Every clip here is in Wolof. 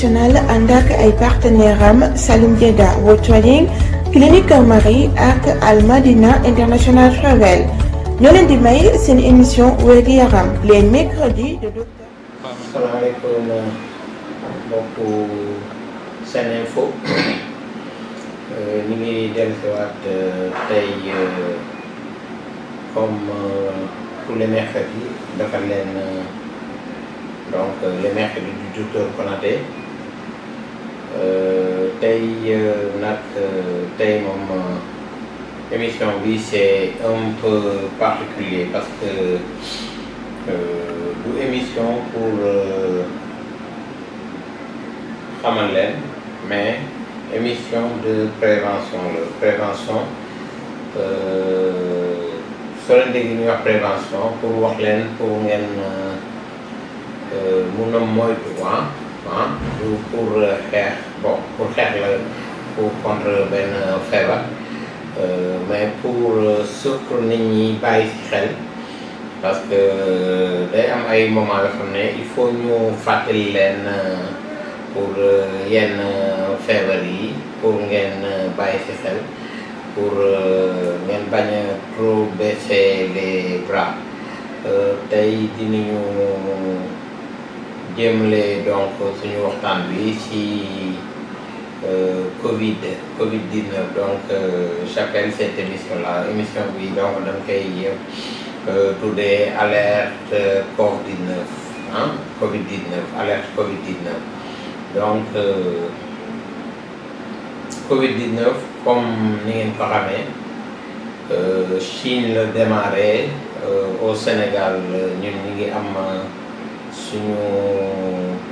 national ànd ak ay partenaire am Salim Dieda World Trading Clinique Marie ak Al Madina International Travel ñoo leen di may seen émission wér gu yaram les mercredis de docteur. asalaamaaleykum mbokku Sene Info ñu ngi dellusiwaat tey comme tous les mercredis dafa leen. donc le mercredi du docteur Konaté Euh, tey euh, nag euh, tey moom émission bi c'est un peu particulier parce que du émission pour xamal leen mais émission de prévention la prévention soo leen déggee ñuy wax prévention pour wax leen pour ngeen mun a moytu ah, ah pour xeex. bon pour xeex la pour contre benn euh, feebar euh, mais pour euh, surtout nit ñi bàyyi ci xel parce que day am ay moment yoo xam ne il faut ñu fàttali leen pour yenn feebar yi pour ngeen bàyyi ci xel pour ngeen bañ a trop baisser les tey dinañu jéemale donc suñu waxtaan bi ci. Euh, Covid Covid 19 donc euh, chacun cette émission là émission bi donc dañ koy euh, tuddee alerte Covid 19 ah Covid 19 alerte Covid 19 donc Covid 19 comme ni ngeen ko Chine la démarré au Sénégal ñun ñu ngi am suñu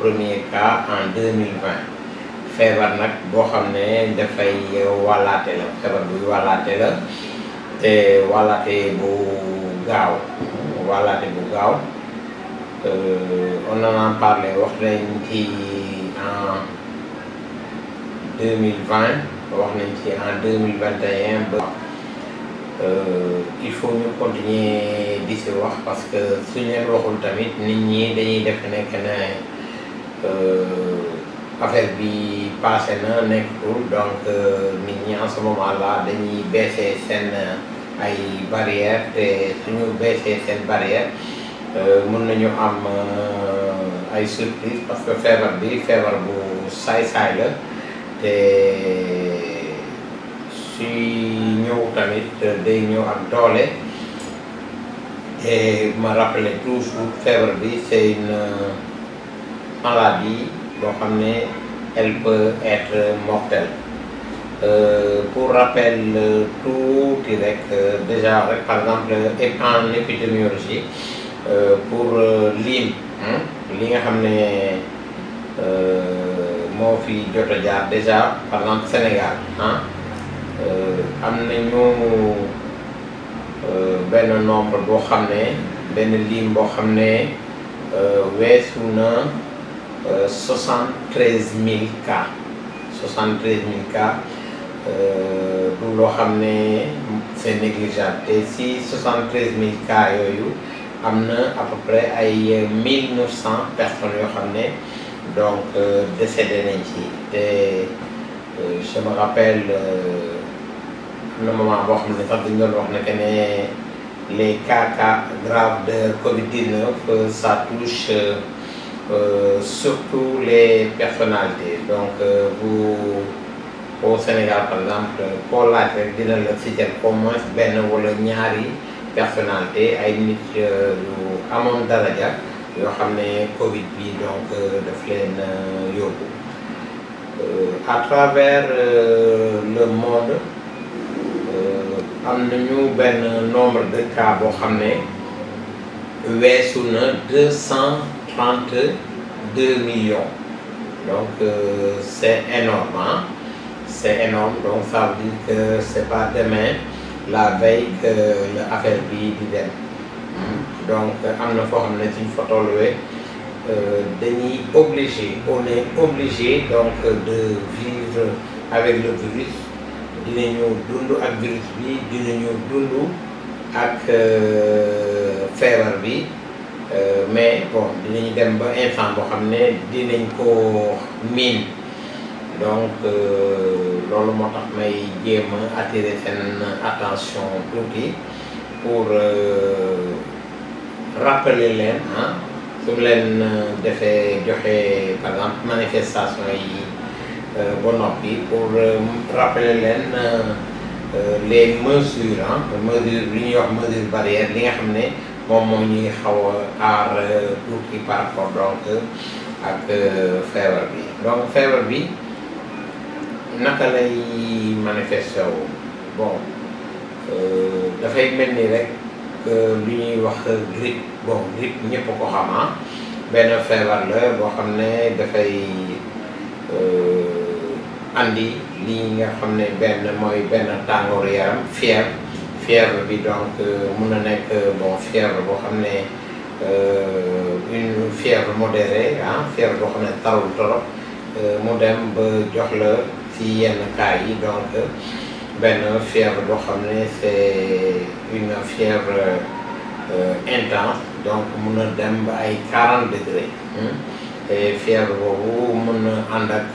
premier cas en 2020 feebar nag boo xam ne dafay wàllaate la feebar buy wàllaate la te wàllaate bu gaaw wàllaate bu gaaw euh, on en a parlé wax nañ ki en deux mille vingt wax nañ ci en deux mille vingt et un euh, il faut ñu continuer di si wax parce que suñ waxul tamit nit ñi dañuy def nekk ne affaire bi passé na nekkatul donc euh, nit ñi en ce moment dañuy baissé seen euh, ay barrières te suñu baissé seen barrière euh, mën nañu am ay surprise parce que feebar bi feebar bu saay-saay la te suy ñëw tamit day ñëw ak doole et ma rappelé toujours feebar bi c'est une maladie boo xam ne elle peut être mortelle euh, pour rappel tuuti rek euh, déjà rek par exemple en épidémiologie euh, euh, li nga xam ne moo fi jot a jaar déjà par exemple Sénégal ah am nañu benn nombre boo xam ne benn liim boo xam ne weesu na. 73 000 cas 73 000 cas du loo xam ne c'est négligeable te si 73 000 cas yooyu am na à peu près ay 1900 yoo xam ne donc euh, décédé nañ ci te euh, je me rappelle euh, am boo xam ne sax dañu doon wax ne ne les cas cas graves de Covid-19 ça touche. euh, surtout les personnalités donc euh, vous Sénégal par exemple koo rek dina la citer au moins benn wala ñaari personnalité ay nit euh, yu amoon daraja yoo xam ne Covid bi donc euh, daf leen euh, yóbbu à le monde am nañu benn nombre dëkka boo xam ne weesu na 32 millions. Donc euh, c'est énorme. Hein? C'est énorme. Donc ça c'est pas demain, la veille que l'affaire bi di donc am na foo xam ne suñ fa tolluwee dañuy obligé on est obligé donc de vivre avec le virus dinañu dund ak virus bi dinañu dund ak euh, feebar bi. Euh, mais bon dinañu dem ba instant boo xam ne dinañ ko miin donc euh, loolu moo tax may jéem a attirer attention tuuti pour euh, rappeler leen ah su leen defee joxe par exemple manifestation yi ba noppi pour rappeler leen les mesures ah mesures li ñuy wax li nga xam ne moom moo ñuy xaw a aar tuuti par rapport donc ak feebar bi donc feebar bi naka lay manifesté wu euh, dafay mel ni rek lu ñuy wax grippe bon grippe ñëpp ko xam ah benn feebar la boo xam ne dafay euh, andi li nga xam ne benn mooy benn tàngooru yaram fièvre. fièvre bi donc euh, mun a nekk euh, bon fièvre boo xam ne euh, une fièvre modérée ah boo xam ne tarul torop mu dem ba jox la ci yenn cas yi donc benn fièvre boo xam ne c'est une fièvre intense donc mun na dem ba ay 40 degrés et fièvre boobu mun na ànd ak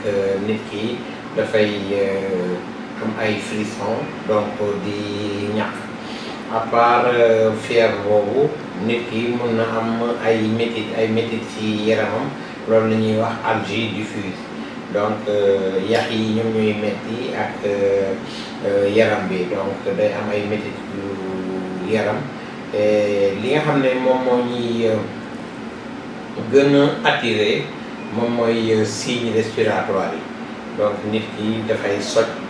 nit ki dafay. comme ay frisson donc di ñàkk à part euh, boobu nit ki mun na am ay métit ay métit ci yaramam loolu la ñuy wax algie diffuse donc euh, yax yi ñoom ñooy métti ak euh, yaram bi donc day am ay métit yu yaram li nga xam ne moom moo ñuy gën a moom mooy signe respiratoire yi donc nit ki dafay soj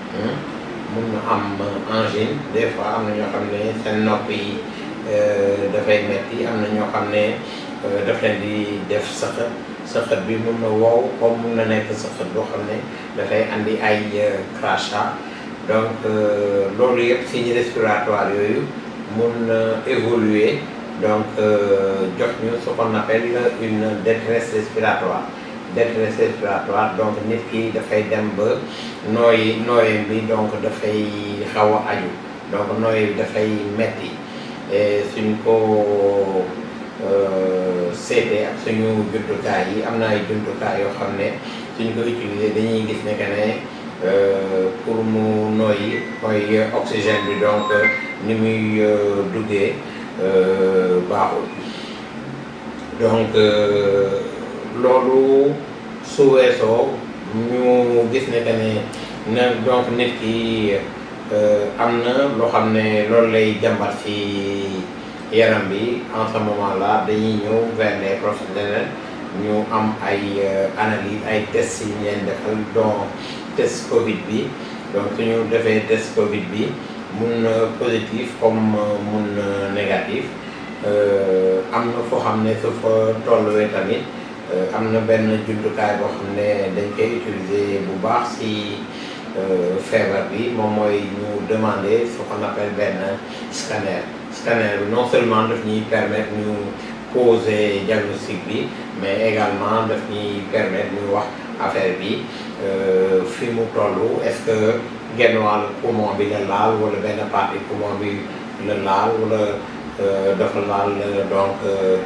mun na am angine des am na ñoo xam ne seen nopp yi euh, dafay metti am na ñoo xam ne euh, daf leen di def sëqët sëqët bi mun na wow comme mun na nekk sëqët boo xam ne dafay andi ay euh, crachat donc loolu yëpp signe respiratoire yooyu mun na évoluer donc jox ñu ce qu'on une détresse respiratoire détresse respiratoire donc nit ki dafay dem ba nooyi nooyam bi donc dafay xaw a aju donc nooyi bi dafay metti suñ ko euh, seetee suñu jumtukaay yi am na ay jumtukaay yoo xam ne suñ ko utiliser dañuy gis ne ne euh, pour mu nooyi mooy oxygène bi donc ni muy euh, duggee baaxul donc. loolu su weesoo ñu gis ne que ne donc nit ki euh, am na loo xam ne loolu lay jàmbat ci yaram bi en ce dañuy ñëw vers les ñu am ay euh, analyse ay tests yi ñu leen defal test Covid bi donc suñu defee test Covid bi mun na positif comme euh, mun na négatif am na foo xam ne su fa tolluwee tamit. Euh, am na benn jumtukaay boo xam ne dañ koy utiliser bu baax si euh, feebar bi moom mooy ñu demander ce qu'on benn scanner scanner bi non seulement daf ñuy permettre ñu poser diagnostic bi mais également daf ñuy permettre ñu wax affaire bi euh, fi mu toll est-ce que genn bi la laal wala benn partie poumon bi la laal wala dafa laal donc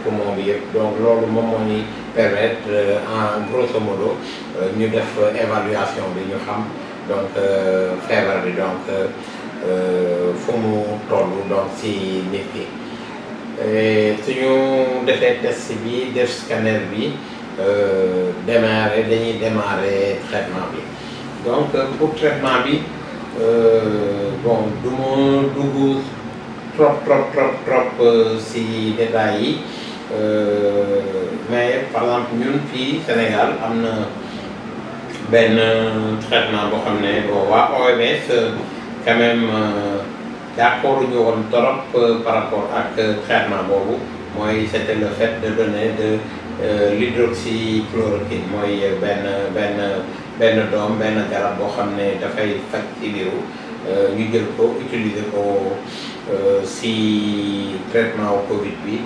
poumon bi yëpp donc loolu moom moo permettre euh, en grosso modo euh, ñu def évaluation bi ñu xam donc euh, feebar bi donc fu mu toll donc si nit ki suñu defee test bi def scanner bi démarrer dañuy démarrer traitement bi donc pour traitement bi bon du ma dugg trop trop trop trop si détails yi Euh, mais par exemple ñun fii Sénégal am na benn traitement boo xam ne bon waa OMS quand même euh, ñu woon trop euh, par rapport ak traitement boobu mooy c'était le fait de donner de l'hydroxychloroquine mooy benn benn doom benn garab boo xam ne dafay faj ci biiru jël ko utiliser ko si traitement Covid bi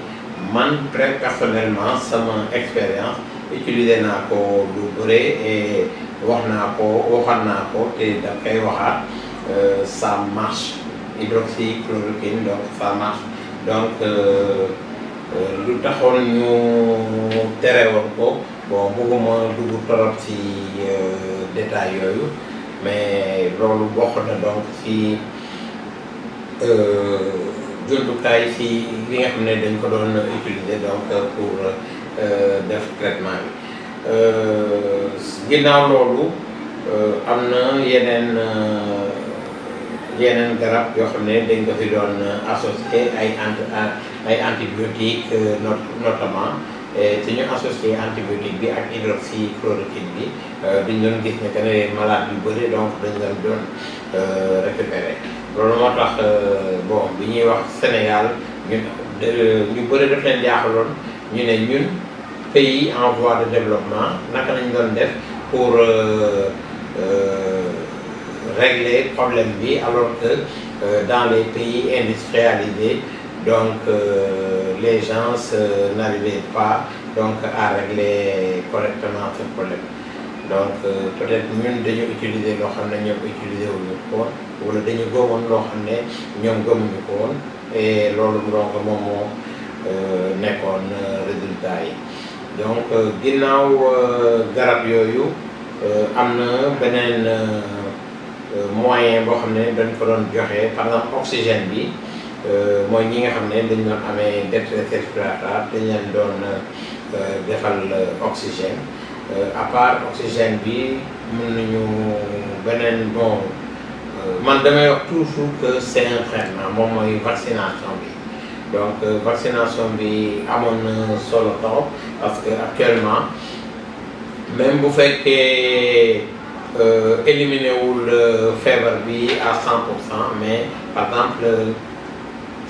man très personnellement sama expérience utilisé naa ko lu bëre et wax naa ko waxoon naa ko te da koy waxaat euh, ça marche hydroxychloroquine donc ça marche donc euh, euh, lu taxoon ñu terewoon ko bon bëgguma dugg torop ci détail yooyu mais loolu bokk na donc ci. jumtukaay si bi nga xam ne dañ ko doon utiliser donc pour euh, def traitement bi euh, ginnaaw loolu euh, am na yeneen yeneen garab yoo xam ne dañ ko fi doon associé ay anti ay antibiotique notamment te ñu associé antibiotique bi ak hydroxychloroquine bi dañ doon gis ne que ne malade yu bëri donc dañ doon doon récupérer loolu moo tax euh, bon bi ñuy wax Sénégal ñun euh, ñu bëri daf leen jaaxaloon ñu ne ñun pays en voie de développement naka lañ doon def pour euh, régler problème bi alors que dans les pays industrialisés donc les gens n'arrivaient pas donc à régler correctement ce problème donc euh, peut-être ñun dañu utiliser loo xam ne ñoom utiliser wuñu ko wala dañu góoboon loo xam ne ñoom gëmuñu ko woon et loolu donc moom moo euh, nekkoon euh, résultat yi donc ginnaaw garab yooyu am na beneen moyen boo xam ne dañ ko doon joxe par exemple oxygène bi mooy ñi nga xam ne dañ doon amee détresse respiratoire dañ leen doon defal oxygène Euh, à part oxygène bi mën nañu beneen bon euh, man damay wax toujours que c' est un traitement moom mooy vaccination bi donc euh, vaccination bi amoon na solo trop parce que actuellement même bu fekkee éliminer wul feebar bi à 100 pour mais par exemple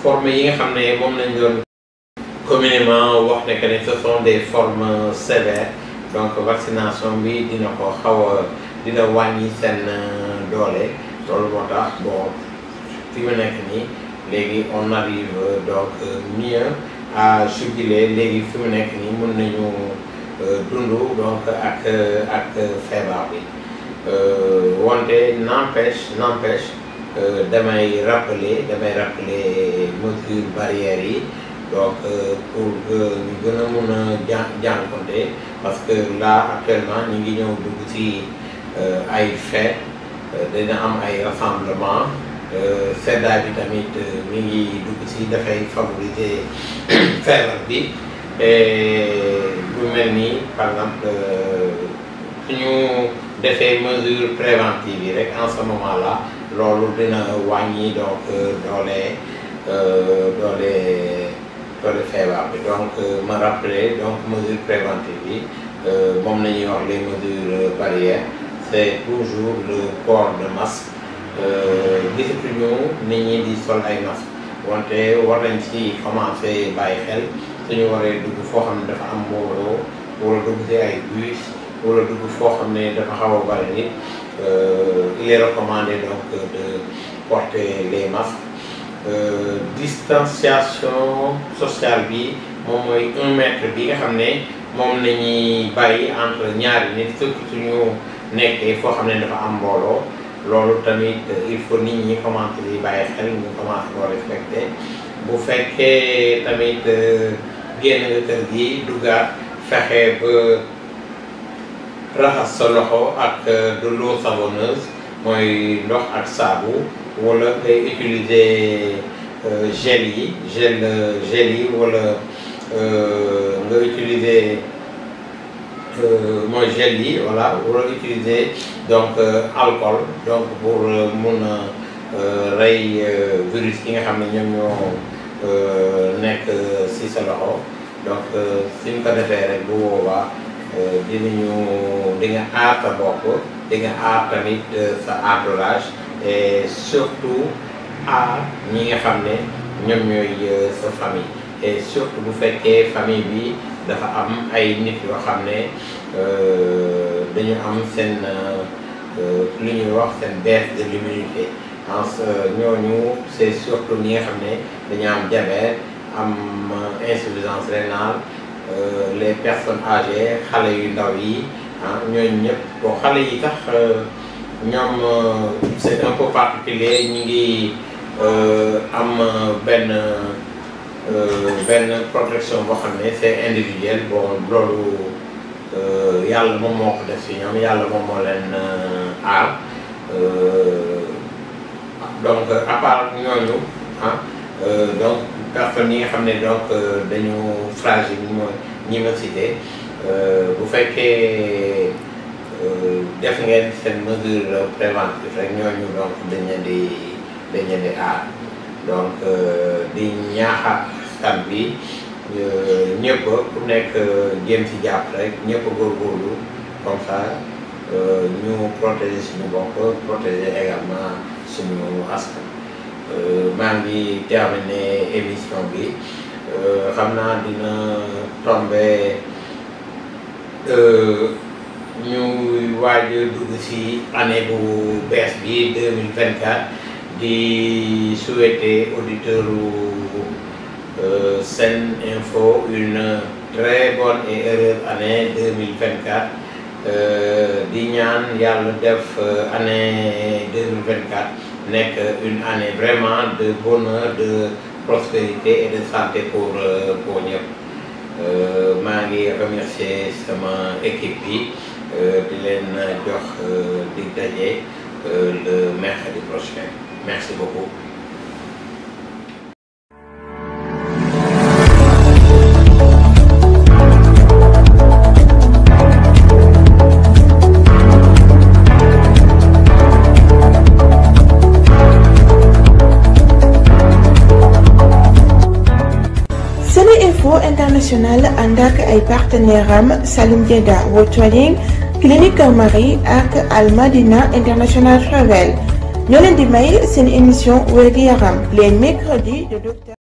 formes yi nga xam ne moom lañ doon communément wax ne que ne des formes sévères. donc vaccination bi dina ko xaw a dina wàññi seen euh, doole loolu moo tax bon fi mu nekk nii léegi on arrive donc euh, mieux à juguler léegi fi mu nekk nii mën nañu euh, dund donc ak ak feebar bi wante n'empêche n'empêche damay rappeler damay rappeler mesures barrières yi donc pour que ñu gën a mun a jà jànkonte parce que là actuellement ñu ngi ñëw dugg ci euh, ay fête euh, dina am ay rassemblement euh, seddaay bi tamit mi ngi dugg ci dafay favoriser feebar bi lu mel ni par exemple su ñu defee mesure préventive rek en ce moment là loolu dina wàññi donc doole loolu feebar bi donc euh, ma rappeler donc mesure préventive yi euh, moom la ñuy wax les mesures euh, barrières c' est toujours le port de masque gisatuñu nit ñi di sol ay masque wante war nañ ci commencé bàyyi xel suñu waree dugg foo xam ne dafa am mbooloo wala dugg si ay bus wala dugg foo xam ne dafa xaw a bari nit il est de porter les masques. Euh, distanciation sociale bi moom mooy un mètre bi nga xam ne moom nañuy bàyyi entre ñaari nit surtout suñu nekkee foo xam ne dafa am mbooloo loolu tamit euh, il faut nit ñi commencé di bàyyi xel ñu commencé koo respecté bu fekkee tamit euh, génn nga gi duggaat fexe ba raxas sa loxo ak de l'eau savonneuse mooy ndox ak saabu wala ay utiliser euh, gel yi gel gel yi wala euh, nga utiliser euh, mooy gel yi voilà wala utiliser donc alcool donc pour mun a rey virus yi nga xam ne ñoom ñoo nekk ci sa loxo donc suñ ko defee rek bu boobaa dinañu di nga aar sa bopp di aar tamit sa entourage et surtout à ñi nga xam ne ñoom ñooy euh, sa famille et surtout bu fekkee famille bi dafa am ay nit yoo xam ne euh, dañu am seen euh, lu ñuy wax seen baisse de l'immunité en ñooñu c'est surtout ñi nga xam ne dañu am diabète am insuffisance rénale les personnes âgées xale yu ndaw yi ah ñooñu ñëpp xale yi tax ñoom euh, c'est un peu particulier ngi euh, am euh, benn benn protection boo xam ne c'est individuel bon loolu yàlla moom moo ko def si ñoom yàlla moom moo leen donc à ñooñu ah donc personnes yi nga xam ne donc dañu fragile ñi ma ñi bu fekkee. def ngeen seen mesure préventive rek ñooñu donc dañ leen di dañ leen di aar donc euh, di ñaaxaat askan bi euh, ñëpp ku nekk jéem euh, si jàpp rek ñëpp góorgóorlu comme ça ñu protéger suñu bopp protéger également suñu askan maa ngi terminé émission bi xam naa dina tombé. ñu waaj dugg ci année bu bees bi 2024 di souhaiter auditeurs euh, Sen Info une très bonne et heureuse année 2024 euh, di ñaan yàlla def euh, année 2024 nekk une année vraiment de bonheur de prospérité et de santé pour pour ñëpp maa ngi remercier sama équipe bi Euh, di leen euh, jox euh, dig daje le mercredi prochain merci beaucoup. Sénéinfo International ànd ak ay partenaires am Salim Dieda World Trading clinique Marie ak Al Madina International Travel ñoo leen di may seen émission wér gu les mercredis de docteur